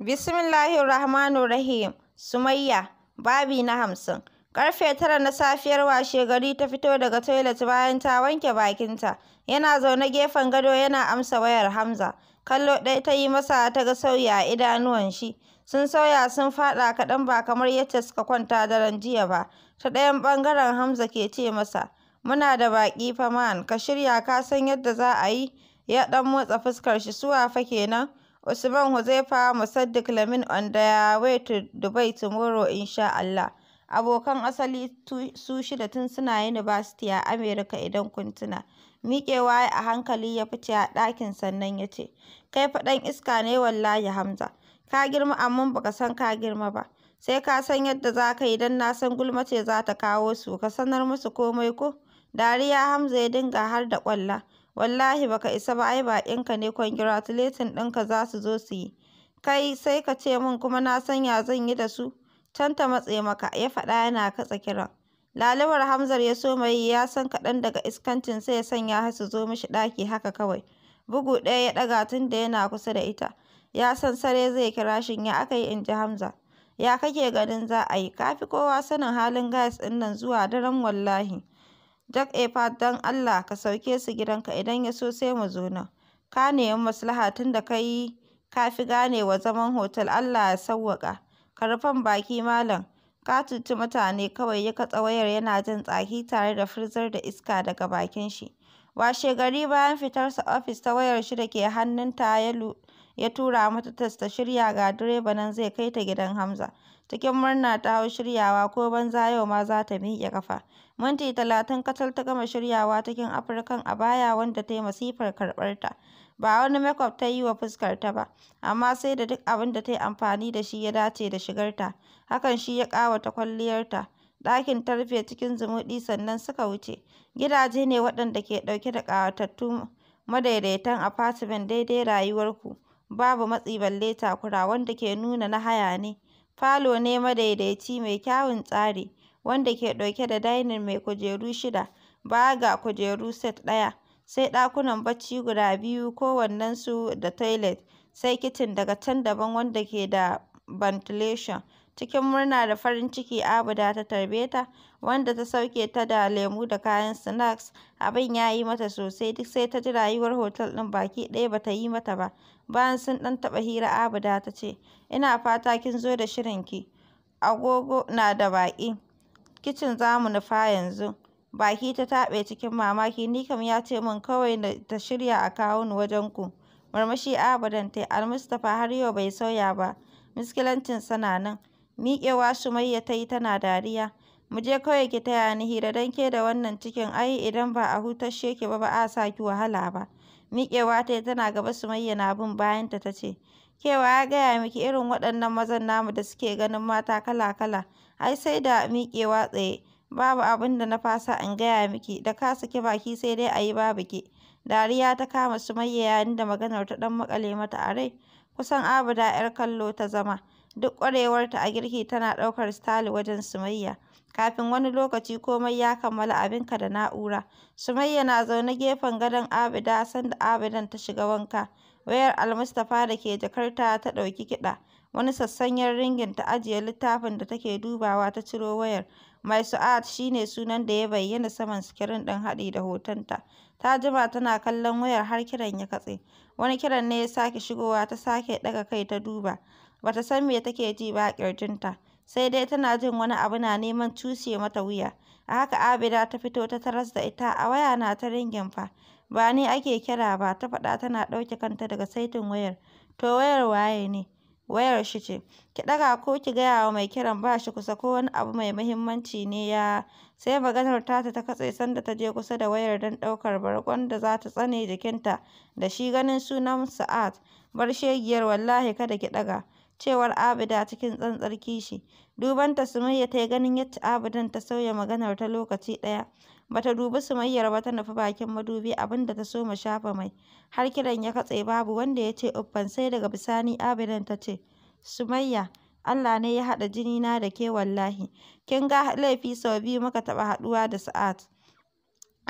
Bismillahirrahmanirrahim. Sumayya, babi na hamsin. Karfe tara na safiyar washe gari ta fito daga toilet bayan ta wanke bakinta. Yana zaune gefen gado yana amsa wayar Hamza. Kallo ɗaya ta yi masa ta ga sauya a idanuwan shi. Sun sauya sun faɗa kaɗan ba kamar yadda suka kwanta daren jiya ba. Ta ɗayan ɓangaren Hamza ke ce masa, Muna da baƙi fa man, ka shirya ka san yadda za a yi. Ya ɗan motsa fuskar shi suwa fa kenan. Usman Huzaifa Musaddiq Lamin on their way to Dubai tomorrow insha Allah. Abokan asali su shida tun suna university a Amerika idan kun tuna. Miƙewa a hankali ya fice a ɗakin sannan ya ce, Kai fa ɗan iska ne wallahi Hamza, ka girma amma baka san ka girma ba. Sai ka san yadda za ka idan na san gulma ce za ta kawo su, ka sanar musu komai ko? Dariya Hamza ya dinga har da ƙwalla. Wallahi baka isa ba ai baƙinka ne congratulating ɗinka za su zo su yi, kai sai ka ce min kuma na san ya zan yi da su, can ta matse maka, ya faɗa yana katsa kiran. Lalibar Hamzar ya so yi ya san kaɗan daga sai ya sanya har su zo mishi ɗaki haka kawai. Bugu ɗaya ya ɗaga tun da yana kusa da ita. Ya san sare zai kira shin ya aka yi in ji Hamza. Ya kake ganin za a yi, ka fi kowa sanin halin gas ɗin nan zuwa daren wallahi. Jack Efat don Allah ka sauke su gidanka idan ya so sai mu zo nan. Ka nemi maslaha tun da ka yi ka fi ganewa zaman hotel Allah ya Ka Karfan baki malam. Ka tuntu mutane kawai ya katse wayar yana jin tsaki tare da firzar da iska daga bakin shi. Washegari bayan fitarsa ofis ta wayar shi da ke hannunta ya tura mata tas ta shirya ga direba nan zai kai ta gidan Hamza. Cikin murna ta hau shiryawa ko banza yau ma za ta miƙe ƙafa. Minti talatin kacal ta gama shiryawa cikin Afirkan a baya wanda ta yi masifar karɓarta. Ba wani makwab ta yi wa ta ba, amma sai da duk abin da ta yi amfani da shi ya dace da shigarta. Hakan shi ya ƙawata kwalliyarta. Ɗakin tarfe cikin zumuɗi sannan suka wuce. Gidaje ne waɗanda ke ɗauke da ƙawatattun madaidaitan afatimen daidai rayuwarku. Babu matsi balle takura wanda ke nuna na haya ne. Falo ne madaidaici mai kyawun tsari, wanda ke ɗauke da dainin mai kujeru shida baya ga kujeru set ɗaya, sai ɗakunan bacci guda biyu kowannensu da toilet, sai kicin daga can daban wanda ke da ventilation. Cikin murna da farin ciki Abuda ta tarbe ta, wanda ta sauke ta da lemu da kayan snacks, abin ya yi mata sosai duk sai ta ji rayuwar otel ɗin baki ɗaya ba ta yi mata ba. Bayan sun ɗan taɓa hira Abida ta ce, "Ina fata kin zo da shirinki, agogo na da baƙi, kicin za mu nufa yanzu." Baki ta taɓe cikin mamaki, "Ni kam ya ce min kawai ta shirya a kawo ni ku Murmushi Abidan ta yi, Almustapha har yau bai sauya ba, miskilancinsa na nan. Miƙewa Sumayya ta yi tana dariya. Mu je kawai ki taya ni hira don ke da wannan cikin ai idan ba a hutashe ki ba ba a sa ki wahala ba. Miƙewa ta yi tana gaba Sumayya na bin bayanta ta ce, Kewa ya gaya miki irin waɗannan mazan namu da suke ganin mata kala-kala, ai sai da miƙewa tsaye, babu abin da na fasa in gaya miki, da ka saki baki sai dai a yi babu ki. Dariya ta kama Sumayya yayin da maganar ta ɗan maƙale mata a rai, kusan abu da 'yar kallo ta zama, duk ƙwarewarta a girki tana ɗaukar stali wajen Sumayya. Kafin wani lokaci komai ya kammala abinka da na'ura. Sumayya na zaune gefen gadon Abida sanda Abidan ta shiga wanka, wayar Almustapha da ke jakarta ta ɗauki kiɗa, wani sassanyen ringin ta ajiye littafin da take dubawa ta ciro wayar. Mai Su'ad shi ne sunan da ya bayyana saman sikirin ɗin haɗi da hotonta. Ta jima tana kallon wayar har kiran ya katse. Wani kiran ne ya sake shigowa ta sake ɗaga kai ta duba. bata san me take ji ba ƙirjinta. sai dai tana jin wani abu na neman cuce mata wuya. A haka Abida ta fito ta taras da ita a waya na ta ringin fa, ba ni ake kira ba ta faɗa tana ɗauke kanta daga saitin wayar. To wayar waye ne? Wayar shi ce. Ki ɗaga ko ki gaya wa mai kiran ba shi kusa ko wani abu mai muhimmanci ne ya sai maganar tata ta katse sanda ta je kusa da wayar don ɗaukar barkon da za ta tsane jikinta da shi ganin sunan Sa'ad. Bar shegiyar wallahi kada ki ɗaga. cewar Abida cikin tsantsar kishi. Dubanta Sumayya ta yi ganin yadda Abidan ta sauya maganar ta lokaci ɗaya. Bata dubi Sumayyar ba ta nufi bakin madubi abin da ta so mu shafa mai. Har kiran ya katse babu wanda ya ce uffan sai daga bisani Abidan ta ce, Sumayya, Allah ne ya haɗa jinina da ke wallahi. Kin ga laifi sau biyu muka taɓa haɗuwa da Sa'ad.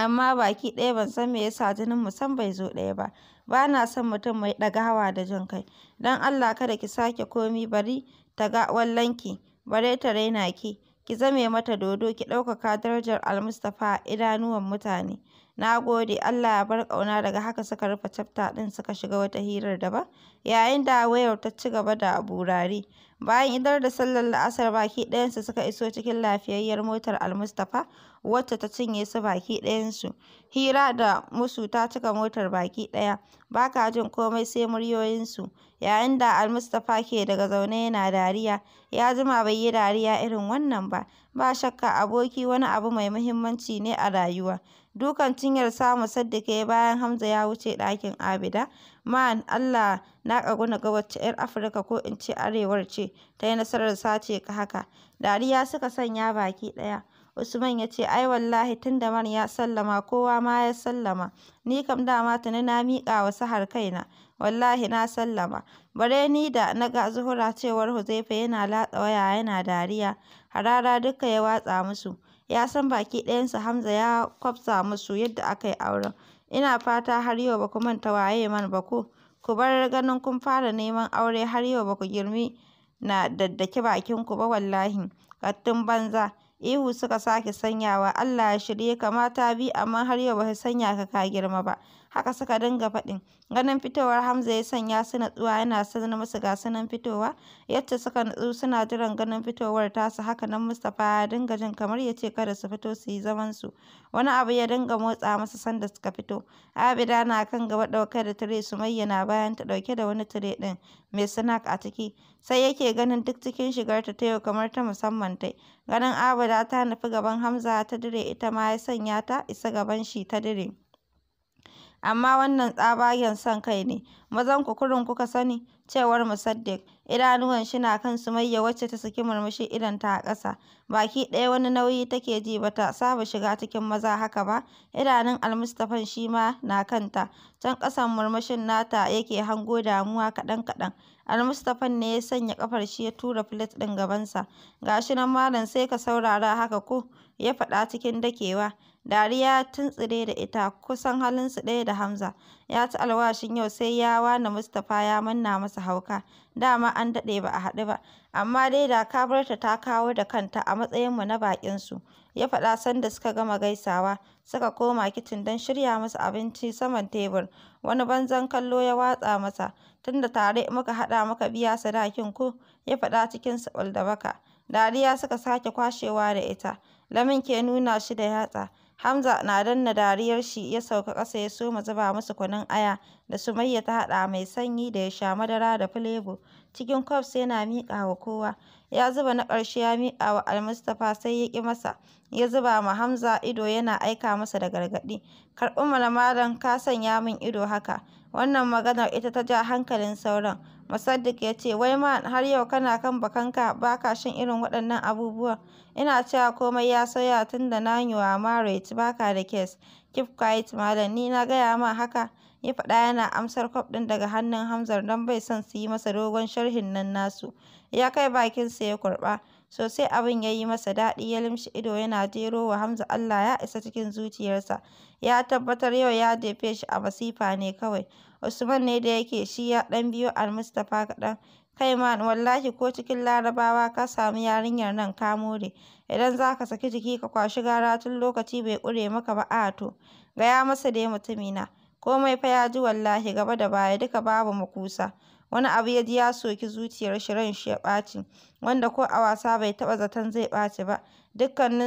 Amma baki ɗaya ban san me yasa jininmu san bai zo ɗaya ba. Ba na son mutum mai ɗaga hawa da jin kai. Don Allah kada ki sake komi bari ta ga wallanki, bare ta raina ki, ki zame mata dodo ki ɗaukaka darajar Almustapha a idanuwan mutane. Na gode, Allah ya bar ƙauna daga haka suka rufe tsafta ɗin suka shiga wata hirar daban, yayin da wayar ta ci gaba da burari. Bayan idar da sallar la'asar baki ɗayansu suka iso cikin lafiyayyar motar Almustapha wacce ta cinye su baki ɗayansu. Hira da musu ta cika motar baki ɗaya, ba ka jin komai sai muryoyinsu. Yayin da Almustapha ke daga zaune yana dariya, ya jima bai yi dariya irin wannan ba. Ba shakka aboki wani abu mai muhimmanci ne a rayuwa. Dukan cinyar Samu Saddiƙ ya bayan Hamza ya wuce ɗakin Abida. Man Allah na ƙaguna ga wacce 'yar Afirka ko in ce Arewar ce ta yi nasarar sace ka haka. Dariya suka sanya baki ɗaya. Usman ya ce ai wallahi tun da man ya sallama kowa ma ya sallama, ni kam dama tuni na miƙa wa Sahar kaina, wallahi na sallama, bare ni da na ga Zuhura cewar Huzaifa yana latsa waya yana dariya, harara duka ya watsa musu, ya san baki ɗayansa Hamza ya kwafsa musu yadda aka yi auren, ina fata har yau ba ku manta waye man ba ku. ku bar ganin kun fara neman aure har yau ba ku girmi na daddaki bakinku ba wallahi, Kattun banza. Ihu suka sake sanyawa, Allah ya shirye ka mata biyu amma har yau ba su sanya ka ka girma ba. haka suka dinga faɗin. Ganin fitowar Hamza ya sanya su natsuwa yana sanar musu ga sunan fitowa, yadda suka natsu suna jiran ganin fitowar tasu haka nan Mustapha ya dinga jin kamar ya ce kada su fito su yi su Wani abu ya dinga motsa masa sanda suka fito. Abida na kan gaba ɗauke da tire su mayyana bayan ta ɗauke da wani tire ɗin mai snack a ciki. Sai yake ganin duk cikin shigarta ta yau kamar ta musamman tai. Ganin Abida ta nufi gaban Hamza ta dire ita ma ya sanya ta isa gaban shi ta dire. Amma wannan tsabagen son kai ne, mazan kurum kuka sani,” cewar Mossaddeq, idanuwan shi na kan Sumayya wacce ta saki murmushi idonta a ƙasa, baki ɗaya wani nauyi take ji ba ta saba shiga cikin maza haka ba, idanun Almustapha shi ma na kanta, can ƙasan murmushin nata yake hango damuwa kaɗan-kaɗan, Almustapha ne ya sanya ƙafar shi ya tura filet ɗin gabansa, “ga shi nan malam sai ka saurara haka ko,” ya faɗa cikin dakewa. Dariya ya tuntsire da ita, kusan halinsu ɗaya da Hamza, ya ci alwashin yau sai ya wane Mustapha ya manna masa hauka, Dama an daɗe ba a haɗu ba, amma dai da ka ta kawo da kanta a matsayinmu na baƙinsu, ya faɗa sanda suka gama gaisawa, suka koma kicin don shirya masa abinci saman tebur, wani banzan kallo ya watsa masa, tunda tare muka haɗa muka biya sadakin ku? ya faɗa cikin sabul da baka. Dariya suka sake kwashewa da ita, Lamin ke nuna shi da yatsa, Hamza na danna dariyar shi ya sauka ƙasa ya soma zuba musu kunun aya da Sumayya ta haɗa mai sanyi da ya sha madara da filebo. cikin cups yana miƙawa kowa. Ya zuba na ƙarshe ya miƙa wa Almustapha sai ya ƙi masa, ya zuba ma Hamza ido yana aika masa da gargaɗi, karɓi malam ka sanya min ido haka. Wannan maganar ita ta ja hankalin sauran. Musaddiq ya ce, wai ma har yau kana kan bakanka ba ka shan irin waɗannan abubuwan. Ina cewa komai ya sauya tun da na yi wa ba ka da kes. Keep quiet malam, ni na gaya ma haka. ya faɗa yana amsar kwaf ɗin daga hannun Hamzar don bai son su yi masa dogon sharhin nan nasu. Ya kai bakinsa ya kurɓa. Sosai abin ya yi masa daɗi ya limshi ido yana jero wa Hamza Allah ya isa cikin zuciyarsa. Ya tabbatar yau ya jefe shi a masifa ne kawai. Usman ne da yake shi ya ɗan biyo Mustapha kaɗan. Kai ma wallahi ko cikin larabawa ka samu yarinyar nan ka more. Idan za ka saki jiki ka kwashi gara tun lokaci bai ƙure maka ba a to. Gaya masa dai mutumina. Komai fa ya ji wallahi, gaba da baya duka babu makusa. Wani abu ya ji ya soki zuciyar shi, ran shi ya ɓaci, wanda ko a wasa bai taɓa zaton zai ɓaci ba.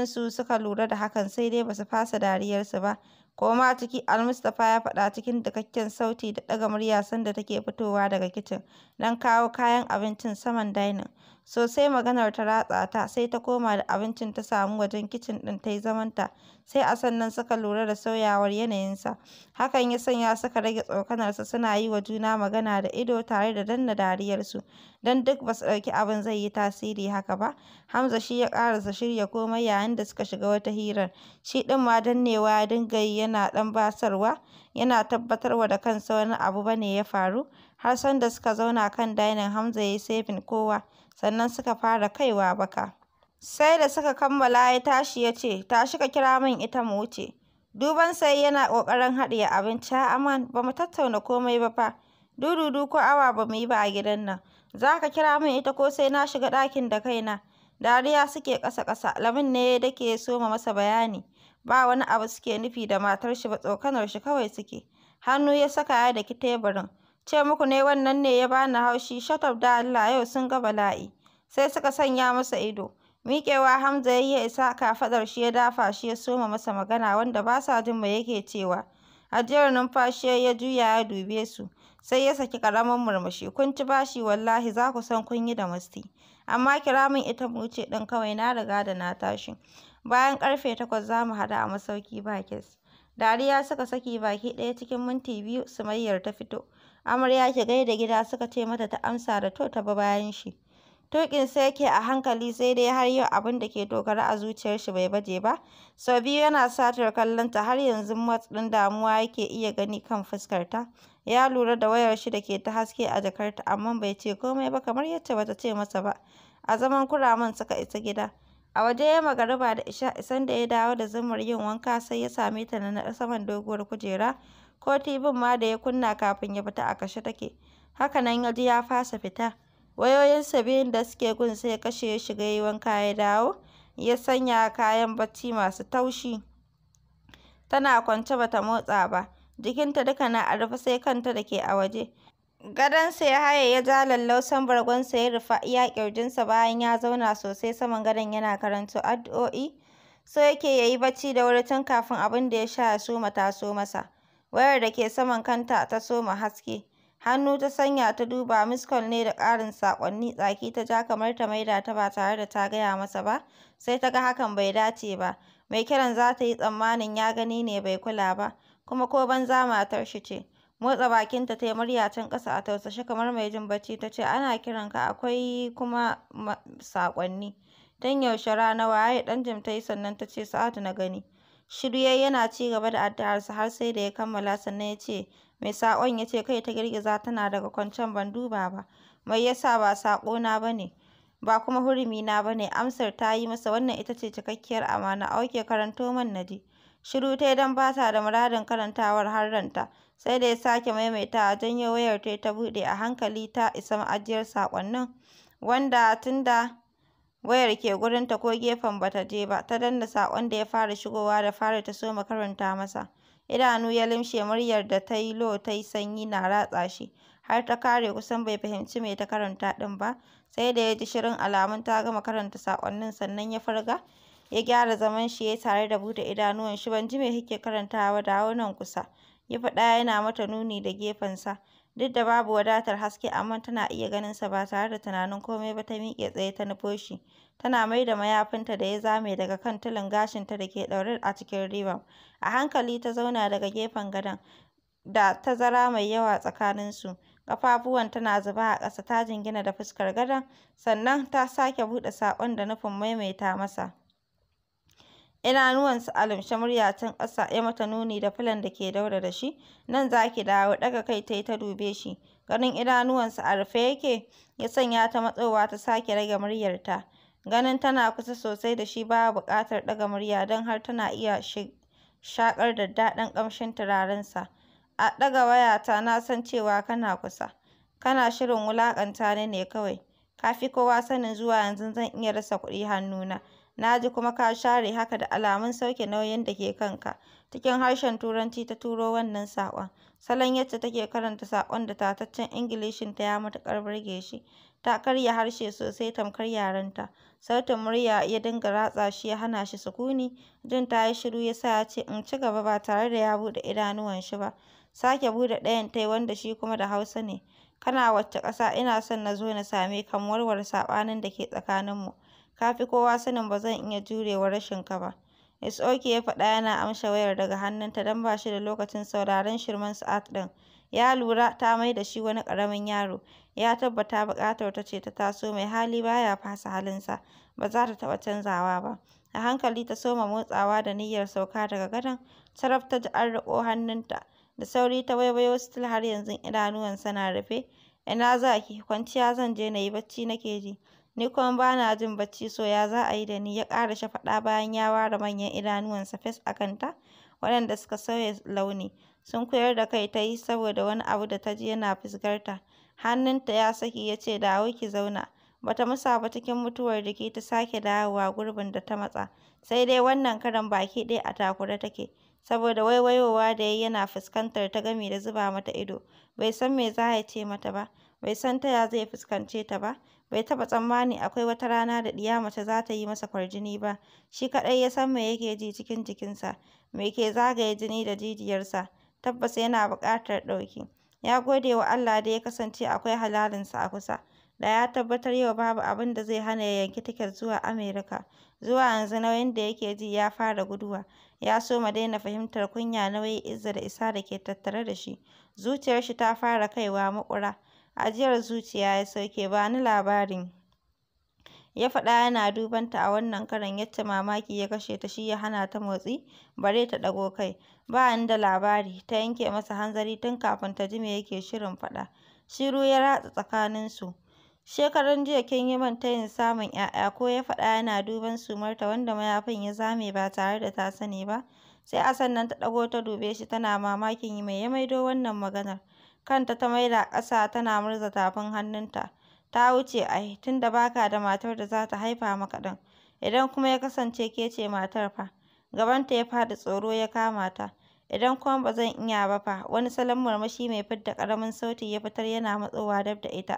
su suka lura da hakan, sai dai basu su fasa dariyarsu ba. Koma ciki, Almustapha ya faɗa cikin dakakken sauti da ɗaga murya sanda take fitowa daga kicin don kawo kayan abincin saman dainin. Sosai maganar ta ratsa ta, sai ta koma da abincin ta samu wajen kicin ɗin ta yi zamanta, sai a sannan suka lura da sauyawar yanayinsa. Hakan ya sanya suka rage tsokanarsa suna yi wa juna magana da ido tare da danna dariyarsu, don duk ba su ɗauki abin zai yi tasiri haka ba. Hamza shi ya ƙarasa shirya komai yayin da suka shiga wata hirar, shi ɗin ma dannewa ya dinga yi yana ɗan basarwa, yana tabbatarwa da kansa wani abu bane ya faru, har sanda suka zauna kan dainin Hamza ya yi saving kowa. sannan suka fara kaiwa baka. Sai da suka kammala ya tashi ya ce, tashi ka kira min ita mu wuce. Duban sai yana ƙoƙarin haɗiye abinci, aman ba mu tattauna komai ba fa. Dududu ko awa ba mu yi ba a gidan nan. Za ka kira min ita ko sai na shiga ɗakin da kaina. Dariya suke ƙasa-ƙasa, Lamin ne da ke soma masa bayani. Ba wani abu suke nufi da matar shi ba tsokanar shi kawai suke. Hannu ya saka ya daki teburin. Ce muku ne wannan ne ya bani haushi, shut da Allah yau sun ga bala'i. Sai suka sanya masa ido. Miƙewa Hamza ya yi ya isa kafaɗar shi ya dafa shi ya soma masa magana wanda ba sa jin mai yake cewa. Ajiyar numfashi ya juya ya dube su. Sai ya saki ƙaramin murmushi. Kun ci bashi wallahi za ku san kun yi da musti Amma kira min ita mu ce ɗin kawai na riga da na tashi. Bayan ƙarfe takwas za mu haɗu a masauki ba kes. Dariya suka saki baki ɗaya cikin minti biyu su Sumayyar ta fito. Amarya ki gaida gida suka ce mata ta amsa da to ta bi bayan shi. Tuƙin sai yake a hankali sai dai har yau abin da ke dogara a zuciyar shi bai baje ba. Sau biyu yana satar kallon ta har yanzu matsin damuwa yake iya gani kan fuskar ta. Ya lura da wayar shi da ke ta haske a jakarta amma bai ce komai ba kamar yadda bata ce masa ba. A zaman kuraman suka isa gida. A waje ya magariba da isha isan da ya dawo da zumar yin wanka sai ya same ta na saman doguwar kujera. ko tibin ma da ya kunna kafin ya fita a kashe take haka nan ya ji ya fasa fita wayoyinsa biyun da suke gun sai kashe ya shiga yi wanka ya dawo ya sanya kayan bacci masu taushi tana kwance bata motsa ba jikinta duka na a rufe sai kanta da ke a waje gadonsa ya haye ya ja lallausan bargonsa ya rufe iya ƙirjinsa bayan ya zauna sosai saman gadon yana karanto addu'o'i so yake ya yi bacci da wuri tun kafin abin da ya sha ya soma taso masa Wayar da ke saman kanta ta soma haske. Hannu ta sanya ta duba muskol ne da ƙarin saƙonni tsaki ta ja kamar ta maida ta ba tare da ta gaya masa ba, sai ta ga hakan bai dace ba. Mai kiran za ta yi tsammanin ya gani ne bai kula ba, kuma ko banza matar shi ce. Motsa bakinta ta yi murya can ƙasa a tausashe kamar mai jin bacci ta ce ana ka akwai kuma saƙonni. Tun yaushe rana waye ɗan jim ta yi sannan ta ce sa'atu na gani. Shiru ya yana ci gaba da addu'arsa har sai da ya kammala sannan ya ce, mai sakon ya ce kai ta girgiza tana daga kwancen ban duba ba, mai yasa ba sako ba ne, ba kuma hurumi na ba ne, amsar ta yi masa wannan ita ce cikakkiyar amana, auke karanto man na ji. Shiru ta don ba ta da muradin karantawar har ranta, sai da ya sake maimaita a janyo wayar ta ta buɗe a hankali ta isa ma'ajiyar sakonnin wanda tunda wayar ke gurinta ko gefen ba ta je ba, ta danna saƙon da ya fara shigowa da fara ta soma karanta masa. Idanu ya limshe muryar da ta yi lo ta yi sanyi na ratsa shi, har ta kare kusan bai fahimci me ta karanta ɗin ba, sai da ya ji shirin alamun ta gama karanta saƙonnin sannan ya farga, ya gyara zaman shi ya tare da buɗe idanuwan shi ban ji me kike karantawa dawo nan kusa, ya faɗa yana mata nuni da gefensa. Duk da babu wadatar haske amma tana iya ganin sa ba tare da tunanin komai ba ta miƙe tsaye ta nufo shi, tana mai da mayafinta da ya zame daga kan tulin gashinta da ke ɗaure a cikin ribar A hankali ta zauna daga gefen gadon, da tazara mai yawa tsakanin su Ƙafafuwan tana zuba a ƙasa ta jingina da fuskar gadon, sannan ta sake buɗe saƙon da nufin maimaita masa. Idanuwansa a lumshe murya tun ƙasa ya mata nuni da filan da ke daure da shi. Nan za ki dawo, ɗaga kai ta yi ta dube shi. Ganin idanuwansa a rufe yake, ya sanya ta matsowa ta sake rage muryarta. Ganin tana kusa sosai da shi ba buƙatar ɗaga murya don har tana iya shaƙar daɗin ƙamshin turarensa. A ɗaga wayata na san cewa kana kusa. Kana shirin wulaƙanta ni ne kawai. Ka fi kowa sanin zuwa yanzu zan iya rasa kuɗi hannuna. Na ji kuma ka share haka da alamun sauke nauyin da ke kanka. Cikin harshen Turanci ta turo wannan saƙon. Salon yadda take karanta saƙon da tataccen Ingilishinta ya matuƙar burge shi. Ta karya harshe sosai tamkar ta. Sautin murya ya dinga ratsa shi ya hana shi sukuni. Jin ta yi shiru ya sa ya ce in ci gaba ba tare da ya buɗe idanuwan shi ba. Sake buɗe ɗayan tai wanda shi kuma da Hausa ne. Kana wacce ƙasa ina son na zo na same ka mu warware saɓanin da ke tsakaninmu. ka fi kowa sanin ba zan iya jurewa rashinka ba. It's OK,” ya faɗa yana amshe wayar daga hannunta don ba shi da lokacin sauraron shirmen sa'at ɗin. Ya lura ta mai da shi wani ƙaramin yaro. Ya tabbata buƙatar ta ce ta taso mai hali ba ya fasa halinsa, ba za ta taɓa canzawa ba. A hankali ta soma motsawa da niyyar sauka daga gadon, taraf ta ji an riƙo hannunta. Da sauri ta waiwayo still har yanzu idanuwansa na rufe. “Ina za ki? Kwanciya zan je na yi bacci nake ji.” Ni kuma ba na jin bacci so ya za a yi da ni,” ya ƙara shafaɗa bayan ya ware manyan idanuwansa fes a kanta waɗanda suka sauya launi, Sun koyar da kai ta yi saboda wani abu da ta ji yana fuskarta. hannunta ya saki ya ce, “Dawo ki zauna.” Ba ta musa ba cikin mutuwar jiki ta sake dawowa gurbin da ta matsa, sai dai wannan karan baki ɗaya a takure take, saboda waiwayowa da ya yana fuskantar ta gami da zuba mata ido, bai san me za ya ce mata ba, bai san ta ya zai fuskance ta ba, Bai taɓa tsammani akwai wata rana da ɗiya mace za ta yi masa kwarjini ba. Shi kaɗai ya san me yake ji cikin jikinsa, me ke zagaye jini da jijiyarsa. Tabbas yana buƙatar ɗauki. Ya gode wa Allah da ya kasance akwai halalinsa a kusa. Da ya tabbatar yau babu abin da zai hana ya yanki tiket zuwa Amerika. Zuwa yanzu nauyin da yake ji ya fara guduwa. Ya soma daina fahimtar kunya, nauyin izza da isa da ke tattare da shi. Zuciyarshi ta fara kaiwa muƙura ajiyar zuciya ya sauke ba bani labarin ya faɗa yana duban ta a wannan karon yadda mamaki ya kashe ta shi ya hana ta motsi bare ta ɗago kai ba ni da labari ta yanke masa hanzari tun kafin ta ji me yake shirin faɗa shiru ya ratsa tsakaninsu shekaran jiya kin yi man tayin samun 'ya'ya, ko ya faɗa yana duban sumarta wanda mayafin ya zame ba tare da ta sani ba sai a sannan ta ɗago ta dube shi tana mamakin me ya maido wannan maganar Kanta ta maida ƙasa tana murza tafin hannunta. Ta wuce ai, tunda baka da matar da za ta haifa maka ɗan. Idan kuma ya kasance ke ce matar fa? Gabanta ya faɗi tsoro ya kama ta. Idan kuma ba zan iya ba fa? Wani salon murmushi mai fidda ƙaramin sauti ya fitar yana matsowa dab da ita.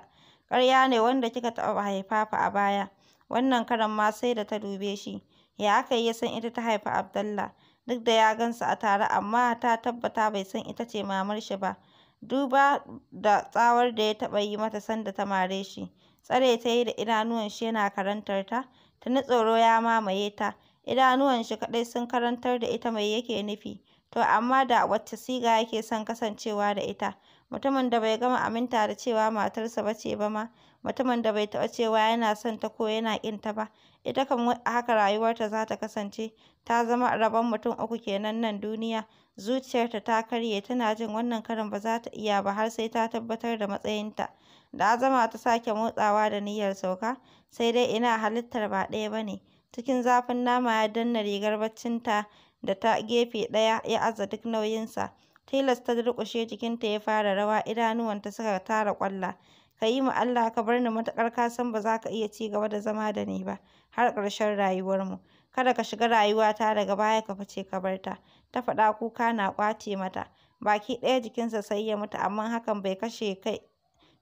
Ƙarya ne wanda kika taɓa haifa fa a baya. Wannan karan ma sai da ta dube shi. Ya aka yi ya san ita ta haifi Abdallah? Duk da ya gansa a tare amma ta tabbata bai san ita ce mamar shi ba. duba da tsawar da ya taɓa yi mata sanda ta mare shi. Tsare ta yi da idanuwanshi yana karantar ta, tuni tsoro ya mamaye ta, idanuwanshi kaɗai sun karantar da ita mai yake nufi. To amma da wacce siga yake son kasancewa da ita? Mutumin da bai gama aminta da cewa matarsa ba ce ba ma, mutumin da bai taɓa cewa yana son ta ko yana ƙin ta ba, ita kam haka rayuwarta za ta kasance, ta zama rabon mutum uku kenan nan duniya. Zuciyarta ta karye, tana jin wannan karin ba za ta iya ba har sai ta tabbatar da matsayinta. Da azama ta sake motsawa da niyyar sauka, sai dai ina halittar ba ɗaya ba ne. Cikin zafin nama ya danna rigar baccinta da ta gefe ɗaya ya aza duk nauyinsa. Tilas ta durƙushe jikinta ya fara rawa, idanuwanta suka tara ƙwalla. ka yi ma Allah ka bar ni matuƙar ka san ba za ka iya ci gaba da zama da ni ba har ƙarshen rayuwarmu. Kada ka shiga rayuwata daga baya ka fice ka bar ta. Ta faɗa kuka na ƙwace mata. Baki ɗaya jikinsa sai ya mutu amma hakan bai kashe kai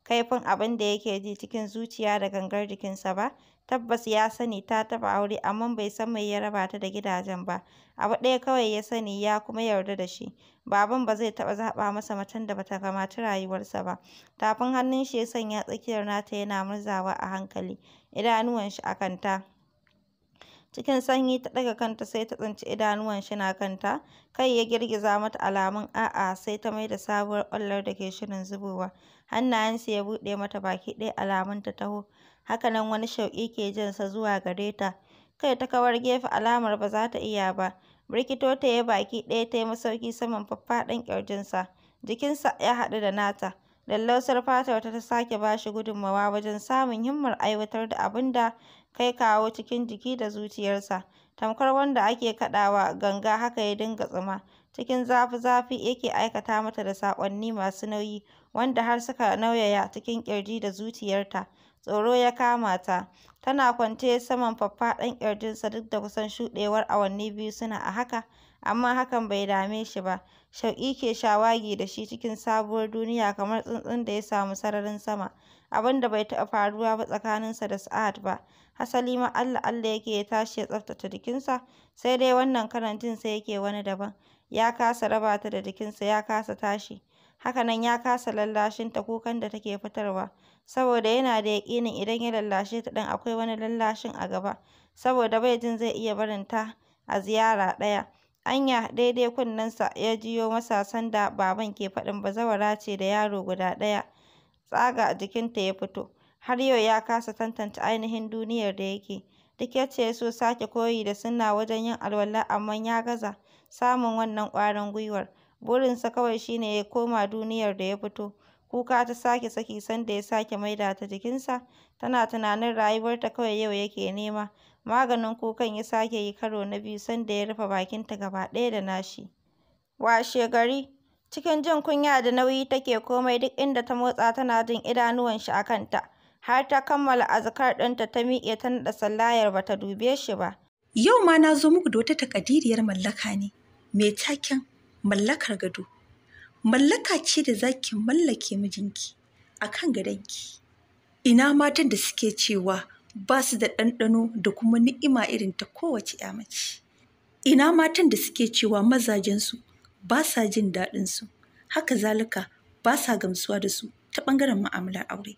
kaifin abin da yake ji cikin zuciya da gangar jikinsa ba. Tabbas ya sani ta taɓa aure amma bai san mai ya raba ta da gidajen ba. Abu ɗaya kawai ya sani ya kuma yarda da shi. Baban ba zai taɓa zaɓa masa matan da bata kamata rayuwarsa ba. Tafin hannun shi ya sanya tsakiyar nata yana murzawa a hankali, idanuwan shi a kanta. Cikin sanyi ta ɗaga kanta sai ta tsinci idanuwan shi na kanta, kai ya girgiza mata alamun a'a sai ta mai da sabuwar ƙwallar da ke shirin zubowa. Hannayensa ya buɗe mata baki ɗaya alamun ta taho. haka nan wani shauƙi ke jansa zuwa gare ta. Kai ta kawar gefe alamar ba za ta iya ba. Birkito ta yi baki ɗaya ta yi masauki saman faffaɗan ƙirjinsa. Jikinsa ya haɗu da nata. Lallausar fatar ta sake ba shi gudunmawa wajen samun himmar aiwatar da abin da kai kawo cikin jiki da zuciyarsa. Tamkar wanda ake kaɗawa ganga haka ya dinga tsuma. Cikin zafi-zafi yake aikata mata da saƙonni masu nauyi wanda har suka nauyaya cikin ƙirji da zuciyarta. Tsoro ya kama ta, tana kwance saman faffaɗan ƙirjinsa duk da kusan shuɗewar awanni biyu suna a haka, amma hakan bai dame shi ba, shauƙi ke shawagi da shi cikin sabuwar duniya kamar tsuntsun da ya samu sararin sama, abin da bai taɓa faruwa ba tsakaninsa da Sa'ad ba, hasali ma Allah-Allah yake ya tashi ya tsaftace jikinsa, sai dai wannan karantin jinsa yake wani daban, ya kasa raba ta da jikinsa ya kasa tashi, hakanan ya kasa ta kukan da take fitarwa. saboda yana da yaƙinin idan ya lallashe ta ɗin akwai wani lallashin a gaba, saboda bai jin zai iya barin ta a ziyara ɗaya. Anya daidai kunnen sa ya jiyo masa sanda baban ke faɗin bazawara ce da yaro guda ɗaya. Tsaga jikinta ya fito. Har yau ya kasa tantance ainihin duniyar da yake. Duk yace ya so sake koyi da sunna wajen yin alwala amma ya gaza samun wannan ƙwarin gwiwar. Burinsa kawai shine ya koma duniyar da ya fito. Kuka ta sake saki sanda ya sake maida ta jikinsa, tana tunanin rayuwarta kawai yau yake nema. Maganin kukan ya sake yi karo na biyu sanda ya rufe bakinta gaba ɗaya da nashi. gari cikin jin kunya da nauyi take komai duk inda ta motsa tana jin shi a kanta. Har ta kammala azkar ɗinta ta miƙe ta naɗa sallayar ba ta dube shi ba. Yau ma na zo muku da wata takadiriyar mallaka ne, mai taken mallakar gado. mallaka ce da za ki mallake mijinki a kan gadonki. Ina matan da suke cewa ba su da ɗanɗano da kuma ni'ima irin ta kowace ‘ya mace. Ina matan da suke cewa mazajensu ba sa jin daɗinsu, haka zalika ba sa gamsuwa da su ta ɓangaren ma'amalar aure.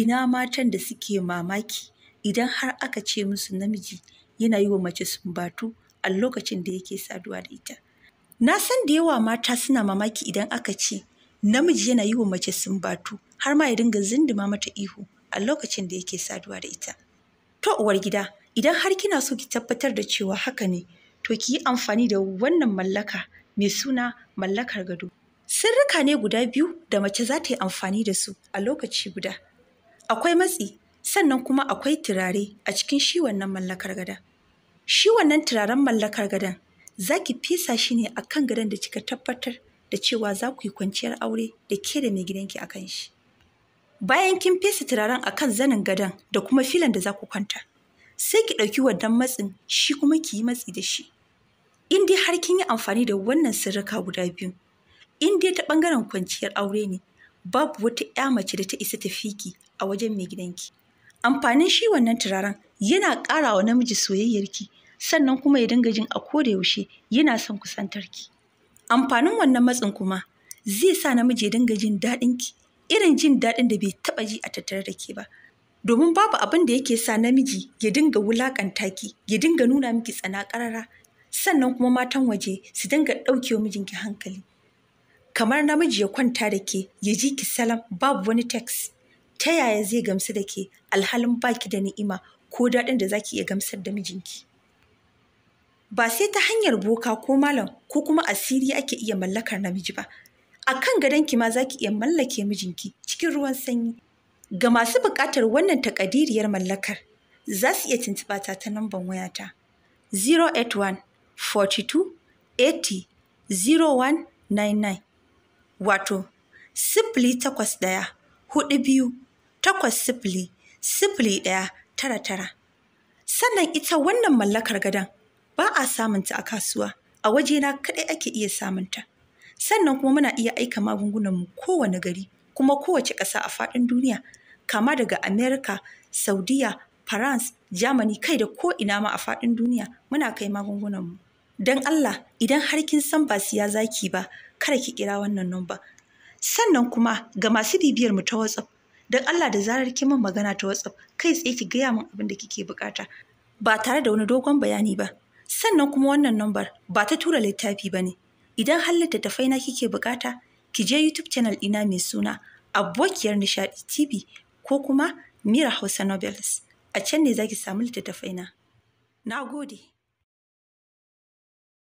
Ina matan da suke mamaki idan har aka ce musu namiji yana yi wa mace sumbatu a lokacin da yake saduwa da ita. Na san da yawa mata suna mamaki idan aka ce namiji yana yi wa mace sumbatu har ma ya dinga zinduma mata ihu a lokacin da yake saduwa da ita. To uwar gida, idan har kina so ki tabbatar da cewa haka ne, to ki yi amfani da wannan mallaka mai suna mallakar gado. Sirrika ne guda biyu da mace za ta yi amfani da su a lokaci guda. Akwai matsi, sannan kuma akwai turare a cikin shi wannan mallakar gadon. Shi wannan turaren mallakar gadon. za ki fesa shi ne a kan gadon da kika tabbatar da cewa za ku yi kwanciyar aure da ke da mai gidanki a kan shi. Bayan kin fesa turaren a kan zanin gadon da kuma filan da za ku kwanta, sai ki ɗauki wannan matsin shi kuma ki yi matsi da shi. In dai har kin yi amfani da wannan sirrika guda biyu, in dai ta ɓangaren kwanciyar aure ne, babu wata ‘ya mace da ta isa ta fiki a wajen mai gidanki. Amfanin shi wannan turaren yana ƙara wa namiji soyayyarki sannan kuma ya dinga jin a koda yaushe yana son kusantarki amfanin wannan matsin kuma zai sa namiji ya dinga jin daɗin ki irin jin daɗin da bai taɓa ji a tattare da ke ba domin babu abin da yake sa namiji ya dinga wulaƙanta ki ya dinga nuna miki tsana ƙarara sannan kuma matan waje su dinga ɗauke wa mijinki hankali kamar namiji ya kwanta da ke ya ji ki salam babu wani teks, ta yaya zai gamsu da ke alhalin baki da ni'ima ko daɗin da zaki iya gamsar da mijinki ba sai ta hanyar boka ko malam ko kuma asiri ake iya mallakar namiji ba a kan gadonki ma za ki iya mallake mijinki cikin ruwan sanyi ga masu buƙatar wannan takadiriyar mallakar za su iya tuntuɓa ta ta namban wayata 081 42 80 0199 wato sifili takwas ɗaya hudu biyu takwas sifili ɗaya tara tara sannan ita wannan mallakar gadon ba a samunta a kasuwa a wajena kaɗai ake iya samunta sannan kuma muna iya aika magungunan mu kowane gari kuma kowace ƙasa a faɗin duniya kama daga america saudiya france germany kai da ko ina ma a faɗin duniya muna kai magungunan mu. don allah idan har kin san ba siya zaki ba kada ki kira wannan numba sannan kuma ga masu bibiyar mu ta whatsapp don allah da zarar kin min magana ta whatsapp kai tsaye ki gaya min abin da kike bukata ba tare da wani dogon bayani ba sannan kuma wannan nambar ba ta tura littafi ba ne idan har littattafai na kike bukata ki je youtube channel ina mai suna abokiyar nishadi tv ko kuma mira hausa novels a can ne zaki samu littattafai na na gode